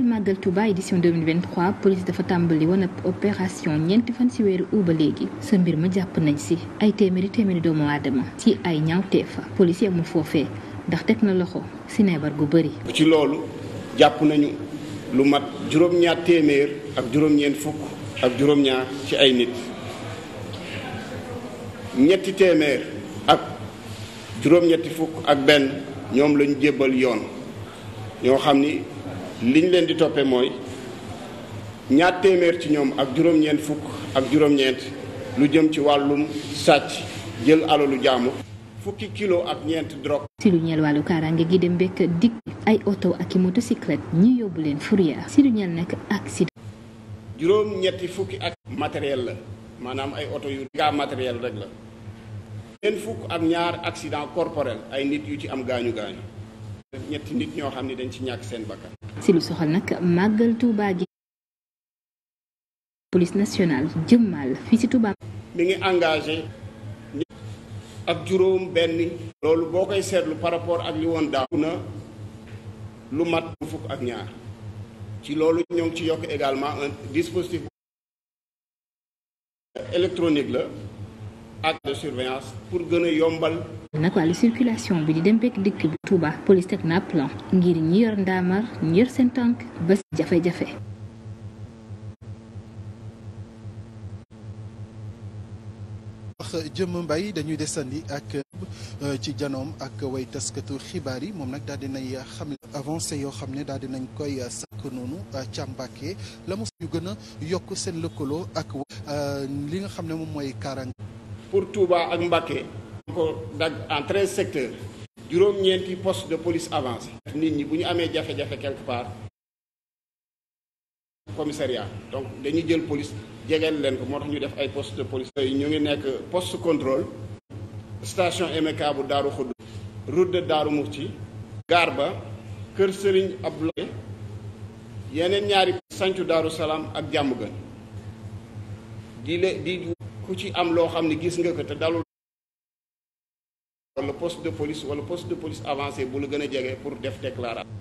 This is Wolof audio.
del màggal Touba édition 2023 police dafa tàmbali woon ab opération ñeenti fan ci weeru uba léegi sa mbir ma jàpp nañ si ay téeméeri téeméeri doomu aadama ci ay ñaawteefa police yi amul foofee ndax teg na loxo ci neebar gu bëri ci loolu jàpp nañu lu mat juróom-ñaar téeméer ak juróom fukk ak juróom-ñaar ci ay nit ñetti téeméer ak juróom-ñetti fukk ak benn ñoom lañu jébbal yoon ñoo xam ni liñ leen di toppee mooy ñaar téeméer ci ñoom ak juróom-ñeent fukk ak juróom-ñeent lu jëm ci wàllum sàcc jël alalu jàmm fukki kilo ak ñeent drogue. ci lu ñeel wàllu kaaraange gi dem bekk dikk ay oto ak i ñi yóbbu leen fourrière si lu ñeel nag accident. juróom ñetti fukki ak matériel la maanaam ay oto yu gaa matériel rek la. ñeent fukk ak ñaar accident corporel ay nit yu ci am gaañu gaañu. ñetti nit ñoo xam ne dañ ci ñàkk seen bakkan. si lu soxal nag màggal Touba gi police nationale jëmmal fii si Touba. mi ngi engage ak juróom benn loolu boo koy seetlu par rapport ak li woon daaw na lu mat fukk ak ñaar ci loolu ñoo ngi ci yokk également un dispositif électronique la ak de surveillance pour gën a yombal nag wàllu circulation bi di dem bekk dikk bi Touba police teg na plan ngir ñi yor ndaamar ñi yor seen tànk ba si jafe-jafe jëm mbay dañuy desandi ak euh, ci janoom ak way taskatu xibaar yi moom nag daal dinay xam avancé yoo xam ne daal dinañ koy sàkk noonu euh, càmbake la mu ñu gën a yokk seen lëkkaloo ak euh, li nga xam ne moom mooy kaaraange pour Touba ak Mbacké ko dagg en treize secteurs juróom-ñeenti post de police avance nit ñi bu ñu amee jafe-jafe quelque part commissariat donc dañuy jël police jegeel leen ko moo tax ñu def ay poste de police ñu ngi nekk poste contrôle station MK bu Daaru Xudd route de Daaru Muxti gaar ba kër Sëriñ Abdoulaye yeneen ñaari sancu Daaru Salaam ak jàmm gën di le di ku ci am loo xam ne gis nga ko te dalul wala poste de police wala poste de police avancé bu la gën a jege pour def déclaration.